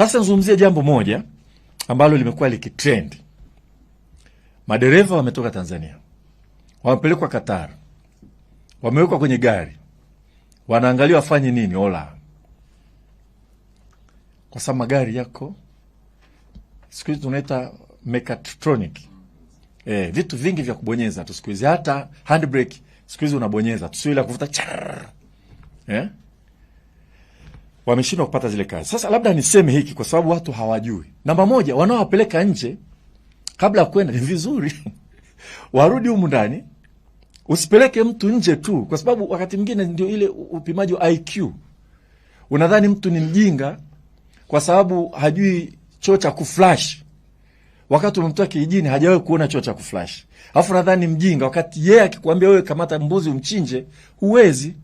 Sasa nizungumzie jambo moja ambalo limekuwa likitrend. Madereva wametoka Tanzania, wamepelekwa Qatar, wamewekwa kwenye gari, wanaangalia wafanye nini ola, kwa sababu magari yako siku hizi tunaita mechatronic e, vitu vingi vya kubonyeza tu siku hizi, hata handbrake siku hizi unabonyeza tu, sio ile kuvuta char eh wameshindwa kupata zile kazi. Sasa labda niseme hiki kwa sababu watu hawajui. Namba moja, wanaowapeleka nje kabla ya kwenda ni vizuri warudi humu ndani. Usipeleke mtu nje tu, kwa sababu wakati mwingine ndio ile upimaji wa IQ. Unadhani mtu ni mjinga kwa sababu hajui choo cha kuflash, wakati umemtoa kijijini hajawahi kuona choo cha kuflash, alafu nadhani mjinga wakati yeye yeah, akikwambia wewe kamata mbuzi umchinje, huwezi.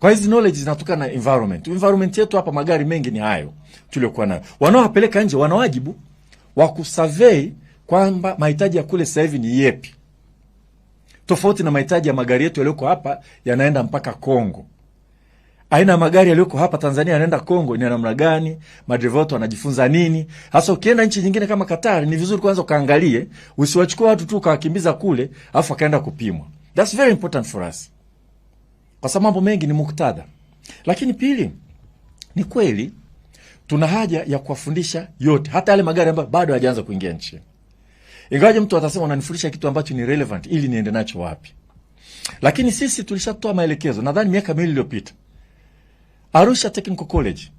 Kwa hizi knowledge zinatoka na environment. Environment yetu hapa magari mengi ni hayo tuliokuwa nayo. Wanaowapeleka nje wana wajibu wa kusurvey kwamba mahitaji ya kule sasa hivi ni yepi. Tofauti na mahitaji ya magari yetu yaliyoko hapa yanaenda mpaka Kongo. Aina ya magari yaliyoko hapa Tanzania yanaenda Kongo ni namna gani? Madereva wote wanajifunza nini? Hasa ukienda nchi nyingine kama Katari, ni vizuri kwanza ukaangalie, usiwachukue watu tu ukawakimbiza kule afu akaenda kupimwa. That's very important for us kwa sababu mambo mengi ni muktadha. Lakini pili, ni kweli tuna haja ya kuwafundisha yote, hata yale magari ambayo bado hayajaanza kuingia nchi, ingawaje mtu atasema unanifundisha kitu ambacho ni relevant ili niende nacho wapi? Lakini sisi tulishatoa maelekezo, nadhani miaka miwili iliyopita, Arusha Technical College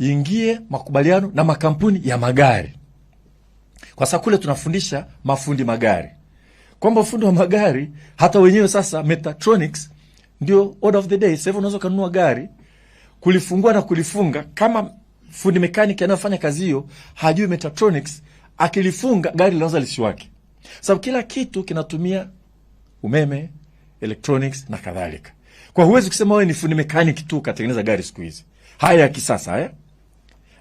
ingie makubaliano na makampuni ya magari, kwa sababu kule tunafundisha mafundi magari kwamba fundi wa magari hata wenyewe sasa Metatronics ndio order of the day. Sasa hivi unaweza kununua gari kulifungua na kulifunga, kama fundi mechanic anayofanya kazi hiyo hajui Metatronics, akilifunga gari linaanza lisiwake, sababu kila kitu kinatumia umeme, electronics na kadhalika. Kwa huwezi kusema wewe ni fundi mechanic tu katengeneza gari siku hizi haya ya kisasa haya eh?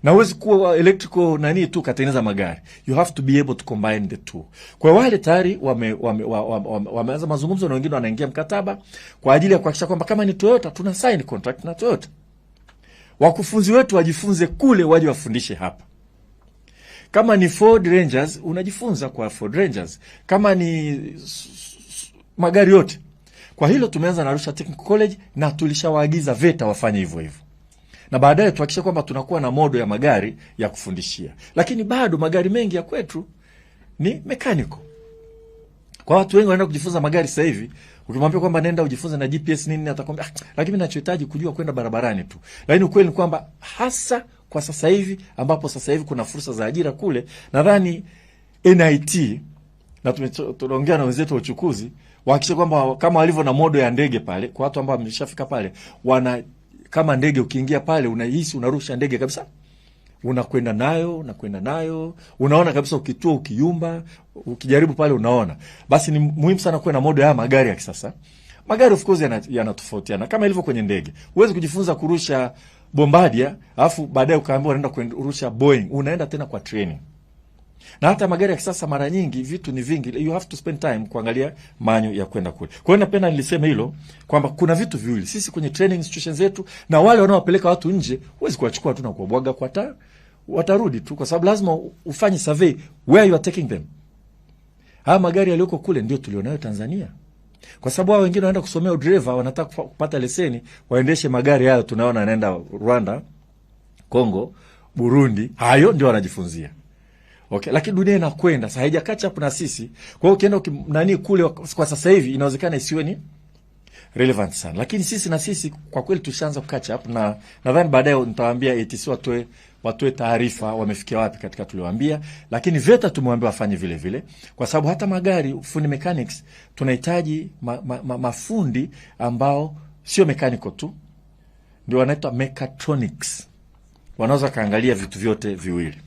na huwezi kuwa electrical nani tu katengeneza magari, you have to be able to combine the two. Kwa wale tayari wameanza wame, wame, wame, wame mazungumzo na wengine wanaingia mkataba kwa ajili ya kuhakikisha kwamba kama ni Toyota tuna sign contract na Toyota. Wakufunzi wetu wajifunze kule, waje wafundishe hapa. Kama ni Ford Rangers unajifunza kwa Ford Rangers, kama ni magari yote. Kwa hilo tumeanza na Arusha Technical College na tulishawaagiza VETA wafanye hivyo hivyo na baadaye tuhakikishe kwamba tunakuwa na modo ya magari ya kufundishia, lakini bado magari mengi ya kwetu ni mechanical. Kwa watu wengi wanaenda kujifunza magari sasa hivi, ukimwambia kwamba nenda ujifunze na GPS nini, atakwambia ah, lakini ninachohitaji kujua kwenda barabarani tu. Lakini ukweli ni kwamba hasa kwa sasa hivi ambapo sasa hivi kuna fursa za ajira kule, nadhani NIT na tunaongea na wenzetu wa uchukuzi wahakikishe kwamba kama walivyo na modo ya ndege pale, kwa watu ambao wameshafika pale wana kama ndege, ukiingia pale unahisi unarusha ndege kabisa, unakwenda nayo nakwenda nayo, unaona kabisa ukitua, ukiyumba, ukijaribu pale unaona. Basi ni muhimu sana kuwe na modo ya magari ya kisasa. Magari of course yanatofautiana, kama ilivyo kwenye ndege. Huwezi kujifunza kurusha bombadia alafu baadaye ukaambia unaenda kurusha Boeing, unaenda tena kwa training na hata magari ya kisasa mara nyingi vitu ni vingi, you have to spend time kuangalia manyo ya kwenda kule. Kwa hiyo napenda niliseme hilo kwamba kuna vitu viwili, sisi kwenye training situation zetu na wale wanaowapeleka watu nje, huwezi kuwachukua tu na kuwabwaga kwa taa, watarudi tu, kwa sababu lazima ufanye survey where you are taking them. Haya magari yaliyoko kule ndio tulionayo Tanzania, kwa sababu hao wengine wanaenda kusomea udereva, wanataka kupata leseni waendeshe magari hayo, tunaona anaenda Rwanda, Kongo, Burundi, hayo ndio wanajifunzia. Okay, lakini dunia inakwenda sasa, haija catch up na sisi. Kwa hiyo ukienda nani kule kwa sasa hivi inawezekana isiwe ni relevant sana, lakini sisi na sisi kwa kweli tushaanza catch up, na nadhani baadaye nitawaambia ATC watoe watoe taarifa wamefikia wapi katika tuliwaambia, lakini VETA tumewaambia wafanye vile vile, kwa sababu hata magari fundi mechanics tunahitaji ma, ma, ma, mafundi ambao sio mechanical tu, ndio wanaitwa mechatronics, wanaweza kaangalia vitu vyote viwili.